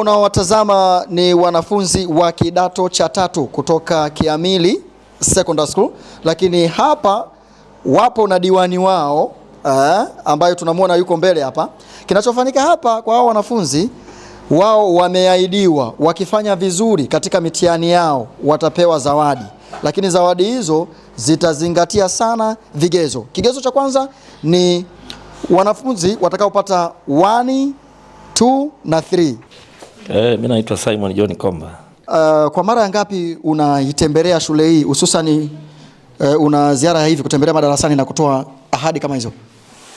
unaowatazama ni wanafunzi wa kidato cha tatu kutoka Kiamili Secondary School, lakini hapa wapo na diwani wao eh, ambayo tunamwona yuko mbele hapa. Kinachofanyika hapa kwa hao wanafunzi wao wameahidiwa wakifanya vizuri katika mitihani yao watapewa zawadi, lakini zawadi hizo zitazingatia sana vigezo. Kigezo cha kwanza ni wanafunzi watakaopata 1, 2 na 3 Eh, mimi naitwa Simon John Komba. Uh, kwa mara ya ngapi unaitembelea shule hii hususani uh, una ziara hivi kutembelea madarasani na kutoa ahadi kama hizo?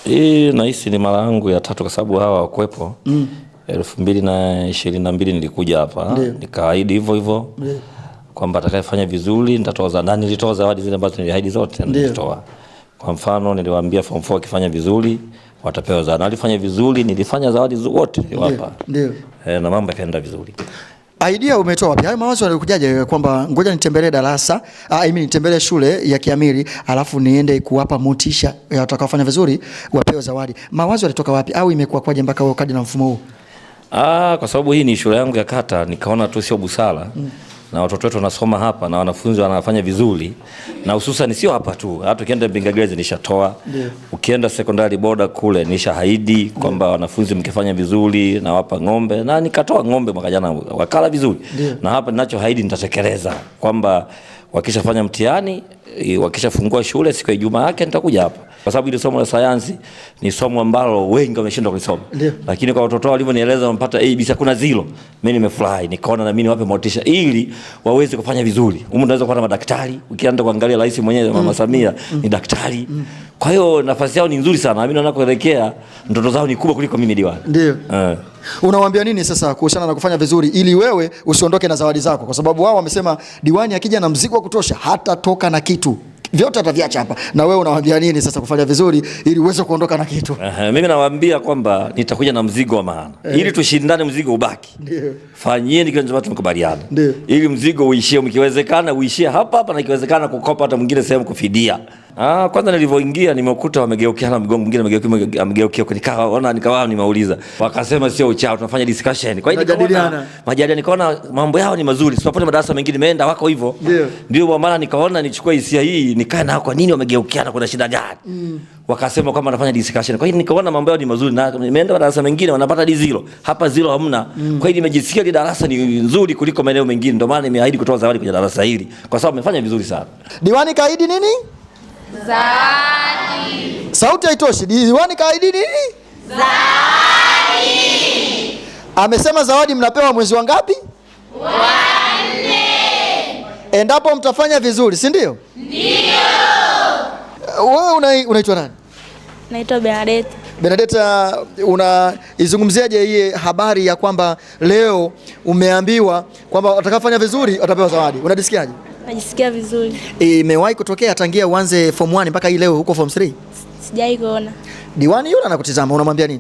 Hii nahisi ni mara yangu ya tatu kwa sababu hawa wakuwepo mm. elfu mbili na ishirini na mbili nilikuja hapa nikaahidi hivyo hivyo kwamba atakayefanya vizuri nitatoa zawadi, na nilitoa zawadi zile ambazo niliahidi zote nilitoa. Kwa mfano niliwaambia form 4 akifanya vizuri watapewa zawadi. Alifanya vizuri, nilifanya zawadi wote wapa. Ndio. Eh, na mambo yakaenda vizuri. Idea umetoa wapi? Hayo mawazo yalikujaje kwamba ngoja nitembelee darasa, ah, I mean nitembelee shule ya Kiamiri, alafu niende kuwapa motisha watakaofanya vizuri wapewe zawadi. Mawazo yalitoka wapi au imekuwa kwaje mpaka wewe na mfumo huu? Ah, kwa sababu hii ni shule yangu ya kata, nikaona tu sio busara. Mm na watoto wetu wanasoma hapa na wanafunzi wanafanya vizuri, na hususan sio hapa tu, hata ukienda Mbinga nishatoa yeah. Ukienda sekondari boda kule nishahaidi yeah. kwamba wanafunzi mkifanya vizuri nawapa ng'ombe, na nikatoa ng'ombe mwaka jana wakala vizuri yeah. na hapa haidi nitatekeleza kwamba wakishafanya mtihani, wakishafungua shule siku ya Ijumaa yake nitakuja hapa kwa sababu ile somo la sayansi ni somo ambalo wengi wameshindwa kulisoma, lakini kwa watoto wao walivyonieleza wamepata ABC, hakuna zero, mimi nimefurahi, nikaona na mimi niwape motisha ili waweze kufanya vizuri. Humu tunaweza kupata madaktari, ukianza kuangalia rais mwenyewe mm. Mama Samia mm. ni daktari mm. kwa hiyo nafasi yao ni nzuri sana, mimi naona kuelekea ndoto zao ni kubwa kuliko mimi diwani. Ndio. Uh. Unawaambia nini sasa kuhusiana na kufanya vizuri ili wewe usiondoke na zawadi zako, kwa sababu wao wamesema diwani akija na mzigo wa kutosha hata toka na kitu vyote ataviacha hapa. Na wewe unawaambia nini sasa kufanya vizuri ili uweze kuondoka na kitu? Aha, mimi nawaambia kwamba nitakuja na mzigo wa maana eh, ili tushindane, mzigo ubaki. Ndio, fanyeni kile ambacho tumekubaliana, ili mzigo uishie, mkiwezekana uishie hapa hapa, na ikiwezekana kukopa hata mwingine sehemu kufidia. Ah, kwanza nilivyoingia nimekuta wamegeukiana mgongo mwingine amegeukia kwa nikawa ona nikawa nimeuliza. Wakasema sio uchao tunafanya discussion. Kwa hiyo nikaona majadiliano nikaona mambo yao ni mazuri. Sio Sipopote madarasa mengine nimeenda wako hivyo. Ndio kwa maana nikaona nichukue hisia hii nikae na kwa nini wamegeukiana kuna shida gani? Mm. Wakasema kwamba wanafanya discussion. Kwa hiyo nikaona mambo yao ni mazuri na nimeenda madarasa mengine wanapata di zero. Hapa zero hamna. Mm. Kwa hiyo nimejisikia ile darasa ni nzuri kuliko maeneo mengine. Ndio maana nimeahidi kutoa zawadi kwenye darasa hili kwa sababu wamefanya vizuri sana. Diwani kaahidi nini? Zawadi. Sauti haitoshi. Diwani kaahidi nini? Zawadi. Amesema zawadi mnapewa mwezi wa ngapi? Wa nne. Endapo mtafanya vizuri, si ndio? Ndio. Wewe unaitwa nani? Naitwa Benadetta. Benadetta, unaizungumziaje hii habari ya kwamba leo umeambiwa kwamba watakafanya vizuri watapewa zawadi? Unajisikiaje? najisikia vizuri. E, imewahi kutokea tangia uanze form 1 mpaka hii leo huko form 3? Sijai kuona. Diwani yule anakutizama, unamwambia nini?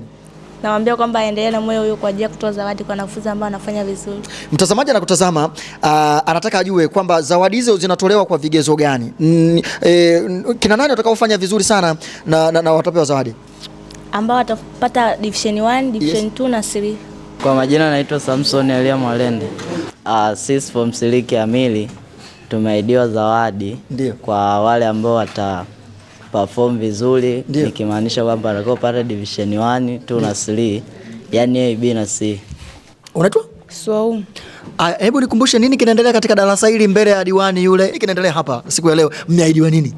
Namwambia kwamba aendelee na moyo huyo kwa ajili ya kutoa zawadi kwa wanafunzi ambao wanafanya vizuri. Mtazamaji anakutazama, uh, anataka ajue kwamba zawadi hizo zinatolewa kwa vigezo gani? Mm, eh, kina nani watakaofanya vizuri sana na, na, na watapewa zawadi ambao watapata division 1, division 2 na 3. Kwa majina naitwa Samson Elia Mwalende. Uh, sis form siliki amili tumeahidiwa zawadi Ndiyo. kwa wale ambao wata perform vizuri nikimaanisha kwamba atakuwa pata division 1 2 na 3 yani A B na C. Unaitwa? Swaumu. Ah, hebu nikumbushe nini kinaendelea katika darasa hili mbele ya diwani yule. Kinaendelea hapa siku ya leo. Mmeahidiwa nini?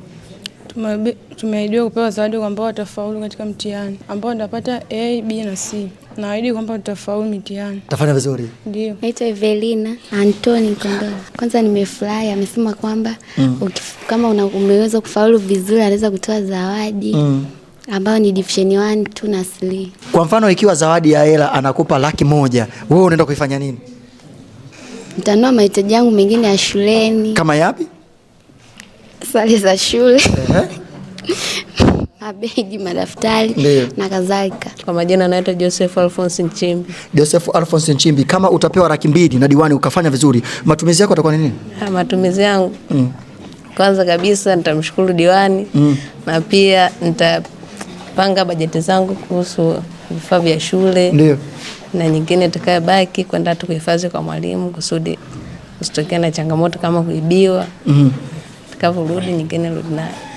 Tumeahidiwa kupewa zawadi kwa ambao watafaulu katika mtihani ambao ndapata A, B na C. Naahidi kwamba nitafaulu mitihani. Tafanya vizuri. Ndio. Naitwa Evelina Antoni Kondoo. Kwanza nimefurahi, amesema kwamba mm. kama una, umeweza kufaulu vizuri anaweza kutoa zawadi mm. ambayo ni division 1, 2 na 3. Kwa mfano ikiwa zawadi ya hela anakupa laki moja, wewe unaenda kuifanya nini? Nitanua mahitaji yangu mengine ya shuleni. Kama yapi? Sare za shule. mabegi, madaftari na kadhalika. Kwa majina naitwa Joseph Alphonse Nchimbi. Joseph Alphonse Nchimbi, kama utapewa laki mbili na diwani ukafanya vizuri, matumizi yako yatakuwa nini? Ha, ah, matumizi yangu mm. Kwanza kabisa nitamshukuru diwani mm. na pia nitapanga bajeti zangu kuhusu vifaa vya shule Ndiyo. na nyingine itakayobaki kwenda tu kuhifadhi kwa mwalimu kusudi usitokee na changamoto kama kuibiwa mm. Tukavorudi nyingine rudi nayo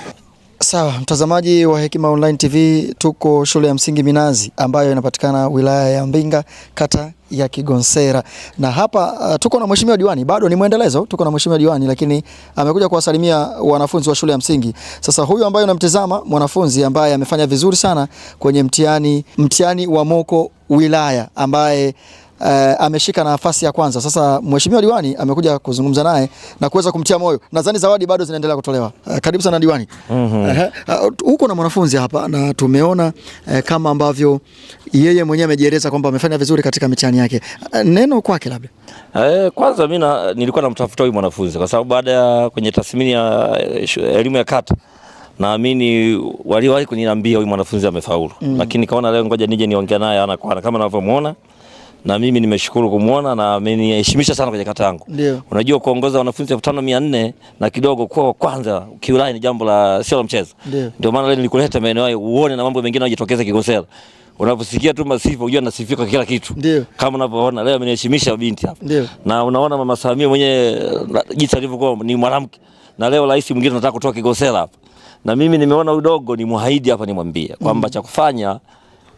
Sawa mtazamaji wa Hekima Online TV, tuko shule ya msingi Minazi ambayo inapatikana wilaya ya Mbinga kata ya Kigonsera na hapa uh, tuko na mheshimiwa diwani, bado ni mwendelezo. Tuko na mheshimiwa diwani, lakini amekuja kuwasalimia wanafunzi wa shule ya msingi. Sasa huyu ambaye unamtazama mwanafunzi ambaye amefanya vizuri sana kwenye mtihani mtihani wa moko wilaya ambaye uh, ameshika nafasi ya kwanza. Sasa mheshimiwa diwani amekuja kuzungumza naye na kuweza kumtia moyo. Nadhani zawadi bado zinaendelea kutolewa. Uh, karibu sana diwani. mm -hmm. uh, uh, huko na mwanafunzi hapa na tumeona uh, kama ambavyo yeye mwenyewe amejieleza kwamba amefanya vizuri katika mitihani yake. Uh, neno kwake labda. Uh, kwanza mimi nilikuwa namtafuta huyu mwanafunzi kwa sababu baada ya kwenye tathmini ya elimu ya kata naamini waliwahi kuniambia huyu mwanafunzi amefaulu, mm. Lakini kaona leo ngoja nije niongea naye ana kwa ana kama navyomuona na mimi nimeshukuru kumwona na ameniheshimisha sana kwenye kata yangu. Unajua, kuongoza wanafunzi elfu tano mia nne na kidogo kwa kwanza kiulai ni jambo la sio la mchezo. Ndio maana leo nilikuleta maeneo hayo uone na mambo mengine yanayojitokeza Kigosera. Unaposikia tu masifu unajua nasifika kila kitu. Ndio. Kama unavyoona leo ameniheshimisha binti hapa. Ndio. Na unaona Mama Samia mwenyewe jinsi alivyokuwa ni mwanamke. Na leo rais mwingine anataka kutoka Kigosera hapa. Na mimi nimeona udogo ni muahidi hapa nimwambie kwamba mm, cha kufanya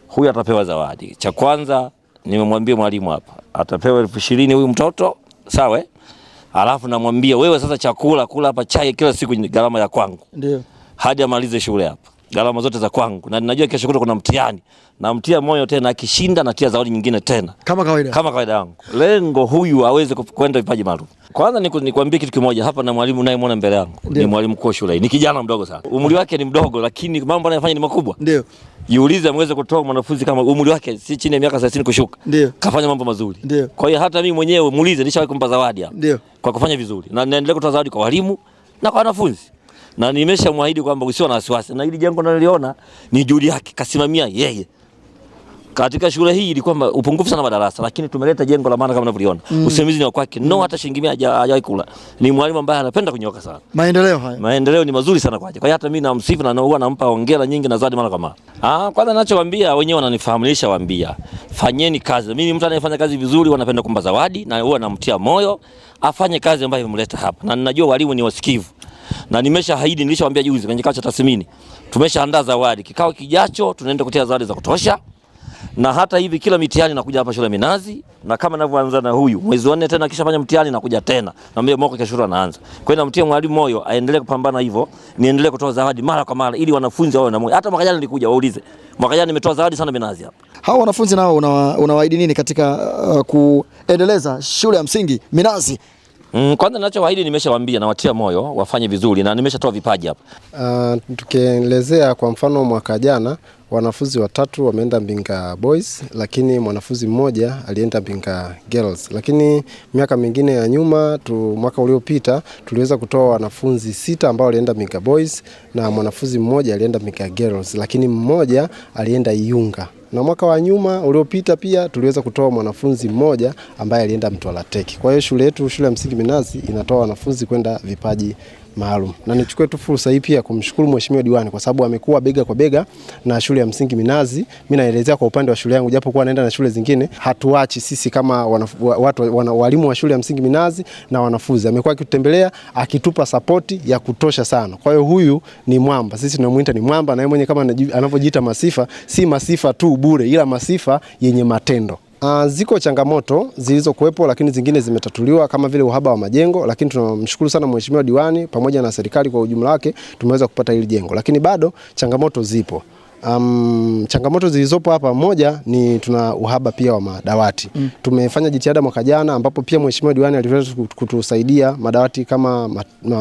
huyu atapewa zawadi. Cha kwanza nimemwambia mwalimu hapa atapewa elfu ishirini huyu mtoto sawa, eh? alafu namwambia wewe sasa, chakula kula hapa, chai kila siku, gharama ya kwangu, ndio hadi amalize shule hapa gharama zote za kwangu, na ninajua kesho kuna mtihani, namtia moyo tena, akishinda natia zawadi nyingine tena kama kawaida, kama kawaida yangu. Lengo huyu aweze kwenda vipaji maalum. Kwanza nikwambie kitu kimoja hapa, na mwalimu naye muona mbele yangu ni mwalimu kwa shule, ni kijana mdogo sana, umri wake ni mdogo, lakini mambo anayofanya ni makubwa. Ndio jiulize, ameweza kutoa mwanafunzi kama umri wake si chini ya miaka 30 kushuka, ndio kafanya mambo mazuri. Ndio kwa hiyo hata mimi mwenyewe muulize, nishawahi kumpa zawadi hapa, ndio kwa kufanya vizuri, na naendelea kutoa zawadi kwa walimu na kwa wanafunzi na nimeshamwahidi kwamba usio na wasiwasi, na hili jengo naliona ni juhudi yake, kasimamia yeye katika shule hii ilikuwa upungufu sana madarasa, lakini tumeleta jengo la maana kama unavyoona. Mm. Usimamizi ni wa kwake. No, mm. hata shilingi 100 hajawahi kula. Ni mwalimu ambaye anapenda kunyoka sana. Maendeleo haya. Maendeleo ni mazuri sana kwake. Kwa hiyo hata mimi namsifu na huwa nampa hongera nyingi na zawadi mara kwa mara. Ah, kwanza ninachowaambia wenyewe wananifahamisha waambia. Fanyeni kazi. Mimi mtu anayefanya kazi vizuri wanapenda kumpa zawadi na huwa namtia moyo afanye kazi ambayo imemleta hapa. Na ninajua walimu ni wasikivu na nimesha nimeshaahidi, nilishawaambia juzi kwenye kikao cha tathmini, tumeshaandaa zawadi. Kikao kijacho tunaenda kutia zawadi za kutosha, na hata hivi kila mitihani nakuja hapa shule Minazi, na kama ninavyoanza na huyu mwezi wa nne tena kisha fanya mtihani nakuja tena na mimi mwaka kesho naanza. Kwa hiyo namtia mwalimu moyo aendelee kupambana hivyo, niendelee kutoa zawadi mara kwa mara ili wanafunzi wawe na moyo. Hata mwaka jana nilikuja, waulize mwaka jana nimetoa zawadi sana Minazi hapa. Hawa wanafunzi nao unawaahidi nini katika uh, kuendeleza shule ya msingi Minazi Mm, kwanza ninachowaahidi nimeshawaambia, nawatia moyo wafanye vizuri na nimeshatoa vipaji hapa. Uh, tukielezea kwa mfano mwaka jana wanafunzi watatu wameenda Mbinga Boys, lakini mwanafunzi mmoja alienda Mbinga Girls. Lakini miaka mingine ya nyuma tu, mwaka uliopita tuliweza kutoa wanafunzi sita ambao walienda Mbinga Boys na mwanafunzi mmoja alienda Mbinga Girls, lakini mmoja alienda iunga na mwaka wa nyuma uliopita pia tuliweza kutoa mwanafunzi mmoja ambaye alienda Mtwara Tech. Kwa hiyo shule yetu, shule ya msingi Minazi, inatoa wanafunzi kwenda vipaji maalum. Na nichukue tu fursa hii pia kumshukuru Mheshimiwa Diwani kwa sababu amekuwa bega kwa bega na shule ya msingi Minazi. Mimi naelezea kwa upande wa shule yangu, japo naenda na shule zingine, hatuachi sisi kama watu wana, walimu wa shule ya msingi Minazi na wanafunzi, amekuwa akitutembelea akitupa sapoti ya kutosha sana. Kwa hiyo huyu ni mwamba, sisi tunamuita ni mwamba, na yeye mwenyewe kama anavyojiita Masifa, si Masifa tu bure, ila Masifa yenye matendo. Uh, ziko changamoto zilizokuwepo lakini zingine zimetatuliwa kama vile uhaba wa majengo, lakini tunamshukuru sana mheshimiwa diwani pamoja na serikali kwa ujumla wake tumeweza kupata hili jengo, lakini bado changamoto zipo. Um, changamoto zilizopo hapa moja ni tuna uhaba pia wa madawati mm. Tumefanya jitihada mwaka jana ambapo pia mheshimiwa diwani aliweza kutusaidia madawati kama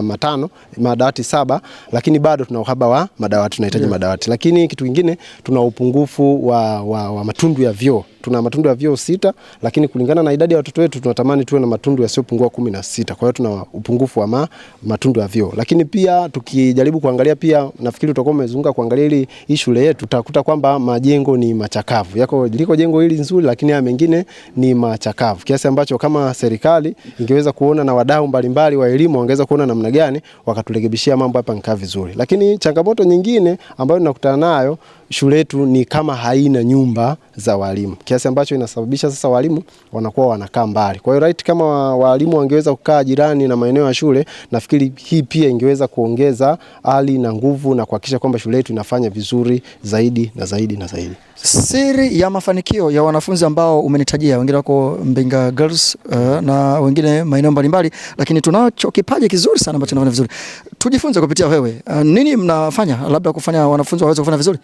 matano madawati saba, lakini bado tuna uhaba wa madawati tunahitaji yeah. madawati, lakini kitu kingine tuna upungufu wa, wa, wa matundu ya vyoo tuna matundu ya vyoo sita, lakini kulingana na idadi ya watoto wetu tunatamani tuwe na matundu yasiyopungua kumi na sita. Kwa hiyo tuna upungufu wa ma, matundu ya vyoo, lakini pia tukijaribu kuangalia pia, nafikiri utakuwa umezunguka kuangalia ili hii shule yetu, utakuta kwamba majengo ni machakavu yako, liko jengo hili nzuri, lakini haya mengine ni machakavu kiasi ambacho kama serikali ingeweza kuona na wadau mbalimbali wa elimu wangeweza kuona namna gani wakaturekebishia mambo hapa nikaa vizuri. Lakini changamoto nyingine ambayo tunakutana nayo shule yetu ni kama haina nyumba za walimu kiasi ambacho inasababisha sasa walimu wanakuwa wanakaa mbali. Kwa hiyo right, kama walimu wangeweza kukaa jirani na maeneo ya shule, nafikiri hii pia ingeweza kuongeza hali na nguvu na kuhakikisha kwamba shule yetu inafanya vizuri zaidi na zaidi na zaidi. Siri ya mafanikio ya wanafunzi ambao umenitajia, wengine wako Mbinga Girls uh, na wengine maeneo mbalimbali, lakini tunacho kipaji kizuri sana ambacho tunafanya vizuri, tujifunze kupitia wewe. Uh, nini mnafanya labda kufanya wanafunzi waweze kufanya vizuri?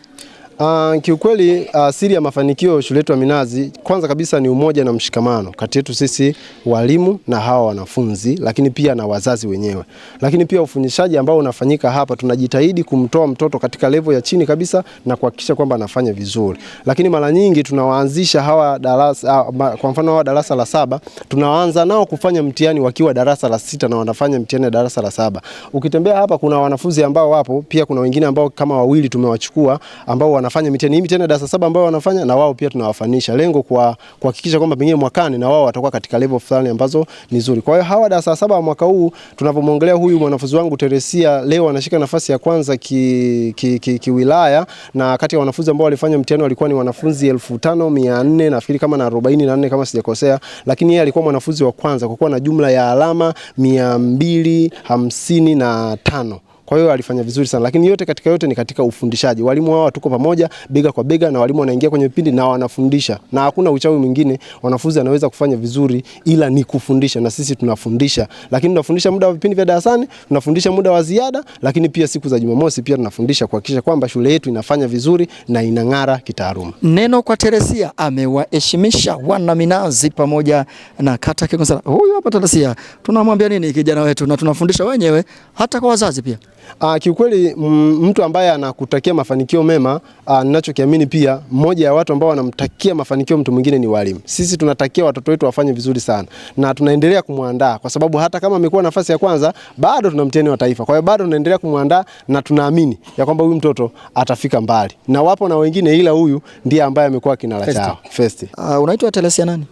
Uh, kiukweli uh, siri ya mafanikio ya shule yetu ya Minazi kwanza kabisa ni umoja na mshikamano kati yetu sisi walimu na hawa wanafunzi, lakini pia na wazazi wenyewe. Lakini pia ufundishaji ambao unafanyika hapa, tunajitahidi kumtoa mtoto katika levo ya chini kabisa na kuhakikisha kwamba anafanya vizuri. Lakini mara nyingi tunawaanzisha hawa darasa, uh, kwa mfano hawa darasa la saba, tunawaanza nao kufanya mtihani wakiwa darasa la sita na wanafanya mtihani darasa la saba. Ukitembea hapa kuna wanafunzi ambao wapo, pia kuna wengine ambao kama wawili tumewachukua ambao wanafanya mitihani hii, tena darasa saba ambayo wanafanya na wao pia tunawafanisha, lengo kwa kuhakikisha kwamba pengine mwakani na wao watakuwa katika level fulani ambazo ni nzuri. Kwa hiyo hawa darasa saba mwaka huu tunapomwongelea huyu mwanafunzi wangu Teresia leo anashika nafasi ya kwanza ki, ki, ki, ki wilaya na kati ya wanafunzi ambao walifanya mtihani walikuwa ni wanafunzi 5400 nafikiri kama na 44 kama sijakosea, lakini yeye alikuwa mwanafunzi wa kwanza kwa kuwa na jumla ya alama 255. Kwa hiyo alifanya vizuri sana, lakini yote katika yote ni katika ufundishaji. Walimu wao tuko pamoja bega kwa bega, na walimu wanaingia kwenye vipindi na wanafundisha, na hakuna uchawi mwingine. Wanafunzi anaweza kufanya vizuri, ila ni kufundisha, na sisi tunafundisha, lakini tunafundisha muda wa vipindi vya darasani, tunafundisha muda wa ziada, lakini pia siku za Jumamosi pia tunafundisha kuhakikisha kwamba shule yetu inafanya vizuri na inang'ara kitaaluma. Neno kwa Teresia, amewaheshimisha wana Minazi pamoja na kata Kigonsera. Huyu hapa Teresia tunamwambia nini kijana wetu, na tunafundisha wenyewe hata kwa wazazi pia. Uh, kiukweli mm, mtu ambaye anakutakia mafanikio mema, ah, ninachokiamini pia mmoja ya watu ambao wanamtakia mafanikio mtu mwingine ni walimu. Sisi tunatakia watoto wetu wafanye vizuri sana na tunaendelea kumwandaa kwa sababu hata kama amekuwa nafasi ya kwanza, bado tuna mtihani wa taifa. Kwa hiyo bado tunaendelea kumwandaa na tunaamini ya kwamba huyu mtoto atafika mbali. Na wapo na wengine ila huyu ndiye ambaye amekuwa kinara chao. First. Uh, ah, unaitwa Telesia nani?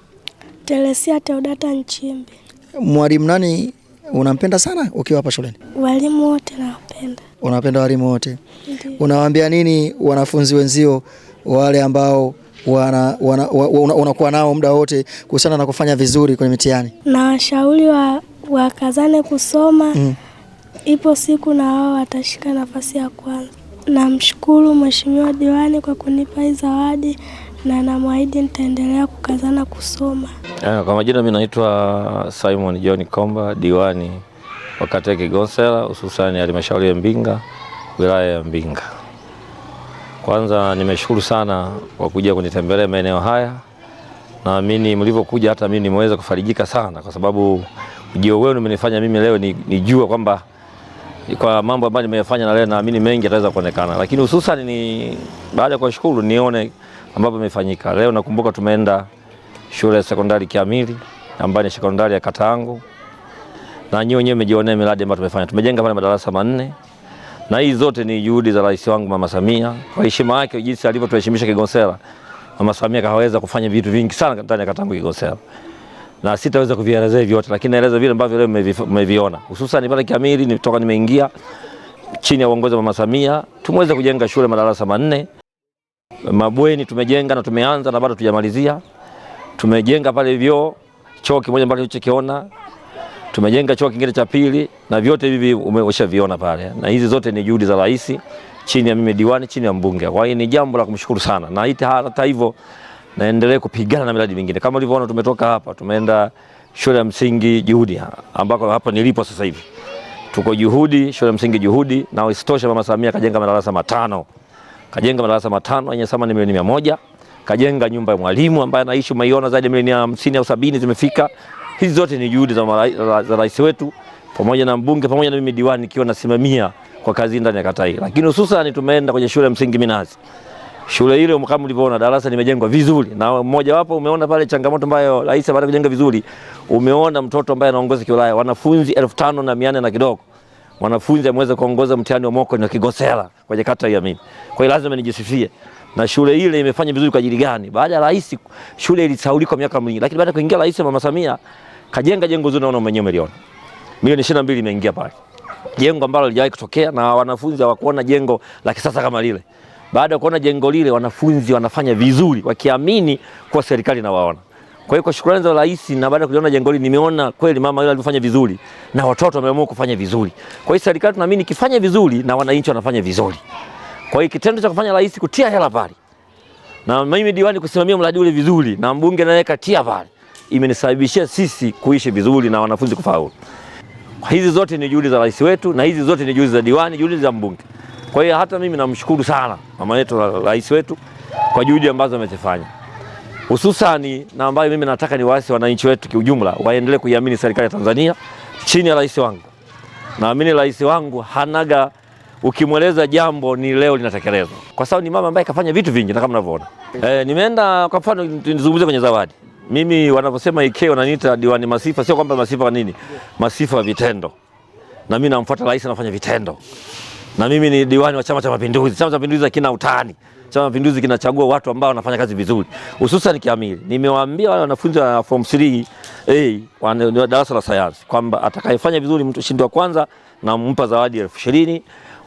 Telesia Teodata Nchimbi. Mwalimu nani Unampenda sana ukiwa hapa shuleni? Walimu wote nawapenda. Unawapenda walimu wote? Unawaambia nini wanafunzi wenzio wale ambao wana, wana, wana, unakuwa nao muda wote kuhusiana na kufanya vizuri kwenye mitihani? Nawashauri wa wakazane kusoma mm. Ipo siku na wao watashika nafasi ya kwanza. Namshukuru Mheshimiwa Diwani kwa kunipa hii zawadi na namwahidi nitaendelea kukazana kusoma. Ah, kwa majina, mi naitwa Simon John Komba, diwani wa kata ya Kigonsera, hususani halmashauri ya Mbinga, wilaya ya Mbinga. Kwanza nimeshukuru sana kwa kuja kunitembelea maeneo haya. Naamini mlivyokuja hata mimi nimeweza kufarijika sana, kwa sababu ujio wenu umenifanya mimi leo nijue kwamba kwa mambo ambayo nimeyafanya na leo naamini mengi yataweza kuonekana, lakini hususan ni baada ya kuwashukuru nione ambapo imefanyika leo. Nakumbuka tumeenda shule ya sekondari Kiamili ambayo ni sekondari ya Katangu, na nyinyi wenyewe mmejionea miradi ambayo tumefanya. Tumejenga pale madarasa manne, na hii zote ni juhudi za rais wangu Mama Samia. Kwa heshima yake, jinsi alivyotuheshimisha Kigonsera, Mama Samia kaweza kufanya vitu vingi sana ndani ya Katangu Kigonsera, na sitaweza kuvielezea hivi vyote, lakini naeleza vile ambavyo leo mmeviona, hususan pale Kiamili. Nitoka nimeingia chini ya uongozi wa Mama Samia tumeweza kujenga shule madarasa manne. Mabweni tumejenga na tumeanza na bado tujamalizia. Tumejenga pale vyoo, choo kimoja ambacho ulichokiona, tumejenga choo kingine cha pili, na vyote hivi umeshaviona pale, na hizi zote ni juhudi za rais chini ya mimi diwani, chini ya mbunge. Kwa hiyo ni jambo la kumshukuru sana, na hata hivyo naendelee kupigana na miradi mingine kama ulivyoona, tumetoka hapa tumeenda shule ya msingi Juhudi, ambako hapa nilipo sasa hivi tuko Juhudi, shule ya msingi Juhudi, na isitoshe Mama Samia akajenga madarasa matano kajenga madarasa matano yenye thamani milioni mia moja kajenga nyumba ya mwalimu ambaye anaishi umeiona zaidi ya milioni hamsini au sabini zimefika. Hizi zote ni juhudi za za, rais wetu pamoja na mbunge pamoja na mimi diwani nikiwa nasimamia kwa kazi ndani ya kata hii, lakini hususan tumeenda kwenye shule ya msingi Minazi. Shule ile kama ulivyoona darasa limejengwa vizuri, na mmoja wapo umeona pale changamoto ambayo rais baada kujenga vizuri, umeona mtoto ambaye anaongoza kiulaya wanafunzi elfu tano na mia nne na kidogo mwanafunzi ameweza kuongoza mtihani wa mwaka na Kigosela kwenye kata ya mimi. Kwa hiyo lazima nijisifie na shule ile imefanya vizuri kwa ajili gani? Baada ya rais, shule ilisahaulika miaka mingi, lakini baada ya kuingia rais Mama Samia kajenga jengo zuri, naona mwenyewe milioni milioni 22 imeingia pale, jengo ambalo halijawahi kutokea na wanafunzi hawakuona jengo la kisasa kama lile. Baada ya kuona jengo lile, wanafunzi wanafanya vizuri wakiamini kuwa serikali na waona kwa hiyo kwa shukrani za rais na baada ya kuliona jengo hili nimeona kweli mama yule alifanya vizuri na watoto wameamua kufanya vizuri. Kwa hiyo serikali tunaamini ikifanya vizuri na wananchi wanafanya vizuri. Kwa hiyo kitendo cha kufanya rais kutia hela pale na mimi diwani kusimamia mradi ule vizuri na mbunge naye katia pale imenisababishia sisi kuishi vizuri na wanafunzi kufaulu. Hizi zote ni juhudi za rais wetu na hizi zote ni juhudi za diwani, juhudi za mbunge. Kwa hiyo hata mimi namshukuru sana mama yetu rais wetu kwa juhudi ambazo amezifanya hususani na ambayo mimi nataka ni waasi wananchi wetu kiujumla waendelee kuiamini serikali ya Tanzania chini ya rais wangu. Naamini rais wangu hanaga, ukimweleza jambo ni leo linatekelezwa, kwa sababu ni mama ambaye kafanya vitu vingi na kama mnavyoona e, nimeenda kwa mfano nizungumzie kwenye zawadi. Mimi wanavyosema IK wananiita diwani Masifa, sio kwamba Masifa nini, Masifa wa vitendo, na mimi namfuata rais, anafanya vitendo na mimi ni diwani wa Chama cha Mapinduzi. Chama cha Mapinduzi hakina utani. Chama Mapinduzi kinachagua watu ambao wanafanya kazi vizuri, hususan kiamili. Nimewaambia wale wanafunzi wa form 3 A wa darasa la sayansi kwamba atakayefanya vizuri mshindi wa kwanza nampa zawadi elfu ishirini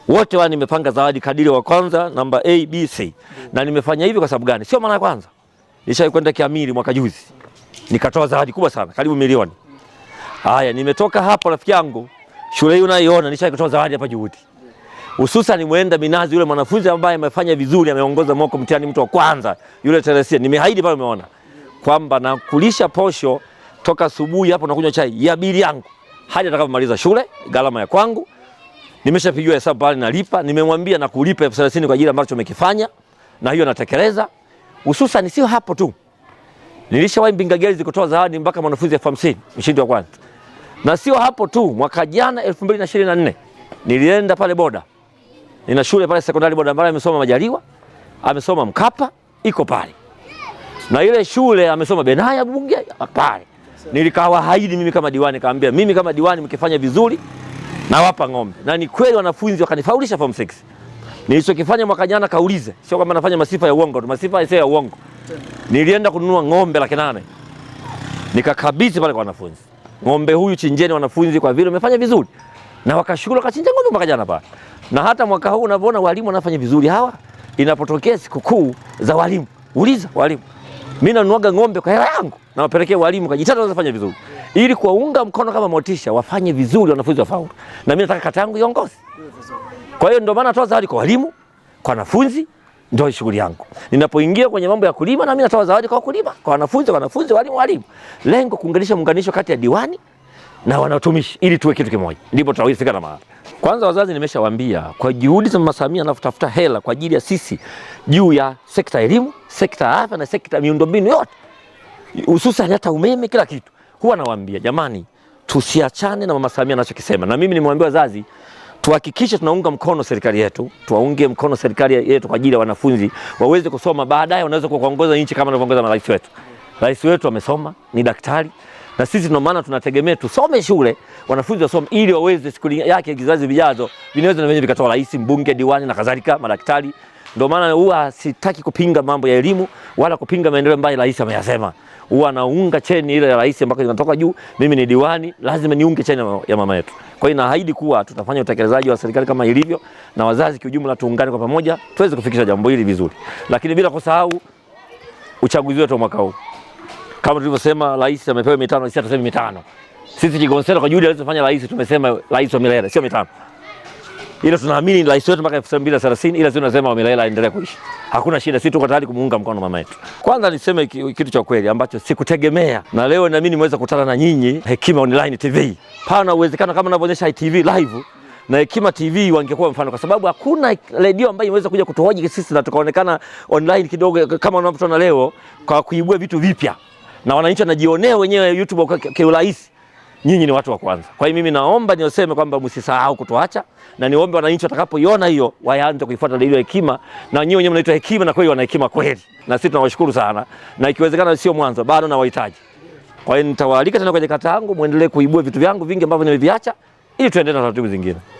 wote wao nimepanga zawadi kadiri wa kwanza namba A B C. Na nimefanya hivyo kwa sababu gani? Sio mara ya kwanza. Nishawahi kwenda Kiamili mwaka juzi. Nikatoa zawadi kubwa sana, karibu milioni. Haya, nimetoka hapo rafiki yangu. Shule hii unaiona, nishawahi kutoa zawadi hapa Juhudi hususan mwenda minazi yule mwanafunzi ambaye amefanya vizuri, ameongoza moko mtihani, mtu wa kwanza yule Teresia. Nimeahidi pale, umeona kwamba nakulisha posho toka asubuhi hapo, nakunywa chai ya bili yangu hadi atakapomaliza shule, gharama ya kwangu nimeshapigiwa hesabu pale, nalipa. Nimemwambia nakulipa elfu thelathini kwa ajili ambacho umekifanya, na hiyo natekeleza. Hususan sio hapo tu, nilishawahi Mbinga Girls kutoa zawadi mpaka mwanafunzi elfu hamsini mshindi wa kwanza. Na sio hapo tu, mwaka jana 2024 nilienda pale boda Nina shule pale sekondari Bondambala, amesoma Majaliwa, amesoma Mkapa, iko pale na ile shule amesoma Benaya Bunge pale. Nilikawa haidi mimi kama diwani, kaambia mimi kama diwani, mkifanya vizuri nawapa ng'ombe, na ni kweli wanafunzi wakanifaulisha form 6. Nilichokifanya mwaka jana, kaulize, sio kama nafanya masifa ya uongo tu, masifa yasiyo ya uongo. Nilienda kununua ng'ombe laki nane nikakabidhi pale kwa wanafunzi, ng'ombe huyu chinjeni wanafunzi, kwa vile umefanya vizuri, na wakashukuru, wakachinja ng'ombe mwaka jana pale na hata mwaka huu unavyoona walimu wanafanya vizuri hawa. Inapotokea sikukuu za walimu, uliza walimu. Mimi nanuaga ng'ombe kwa hela yangu na wapelekee walimu kajitata wanafanya vizuri, ili kuwaunga mkono kama motisha, wafanye vizuri, wanafunzi wa faulu, na mimi nataka kata yangu iongoze. Kwa hiyo ndio maana natoa zawadi kwa walimu, kwa wanafunzi ndio shughuli yangu. Ninapoingia kwenye mambo ya kulima, na mimi natoa zawadi kwa wakulima, kwa wanafunzi, kwa wanafunzi, walimu, walimu, lengo kuunganisha muunganisho kati ya diwani na wanatumishi ili tuwe kitu kimoja, ndipo tutaweza na mahali. Kwanza wazazi nimeshawaambia kwa juhudi za Mama Samia na kutafuta hela kwa ajili ya sisi juu ya sekta elimu, sekta afya na sekta miundombinu yote, hususan hata umeme, kila kitu. Huwa nawaambia jamani, tusiachane na Mama Samia anachokisema, na mimi nimwambia wazazi tuhakikishe tunaunga mkono serikali yetu, tuwaunge mkono serikali yetu kwa ajili ya wanafunzi waweze kusoma, baadaye wanaweza kuongoza nchi kama anavyoongoza marais wetu. Rais wetu amesoma, ni daktari na sisi ndio maana tunategemea tusome shule, wanafunzi wasome ili waweze siku yake kizazi vijazo vinaweza na wenyewe vikatoa rais, mbunge, diwani na kadhalika, madaktari. Ndio maana huwa sitaki kupinga mambo ya elimu wala kupinga maendeleo ambayo rais ameyasema. Huwa naunga cheni ile ya rais ambayo inatoka juu. Mimi ni diwani, lazima niunge cheni ya mama yetu. Kwa hiyo naahidi kuwa tutafanya utekelezaji wa serikali kama ilivyo, na wazazi kiujumla, tuungane kwa pamoja tuweze kufikisha jambo hili vizuri, lakini bila kusahau uchaguzi wetu mwaka huu kama tulivyosema rais amepewa mitano, sisi atasema mitano. Sisi Kigonsera kwa juhudi alizofanya rais tumesema rais wa milele sio mitano. Ila tunaamini rais wetu mpaka 2030 ila sisi tunasema wa milele aendelee kuishi. Hakuna shida, sisi tuko tayari kumuunga mkono mama yetu. Kwanza niseme kitu cha kweli ambacho sikutegemea na leo na mimi nimeweza kukutana na nyinyi Hekima Online TV. Pana uwezekano kama ninavyoonyesha ITV live na Hekima TV wangekuwa mfano, kwa sababu hakuna redio ambayo imeweza kuja kutuhoji sisi na tukaonekana online kidogo kama unavyotuona leo kwa kuibua vitu vipya na wananchi wanajionea wenyewe YouTube kwa kiurahisi, nyinyi ni watu wa kwanza. Kwa hiyo mimi naomba nioseme kwamba msisahau kutuacha, na niombe wananchi watakapoiona hiyo waanze kuifuata ile hekima, na nyinyi wenyewe mnaitwa hekima, na kweli wana hekima kweli, na sisi tunawashukuru sana, na ikiwezekana sio mwanzo, bado nawahitaji. Kwa hiyo nitawaalika tena kwenye kata yangu, muendelee kuibua vitu vyangu vingi ambavyo nimeviacha, ili tuendelee na taratibu zingine.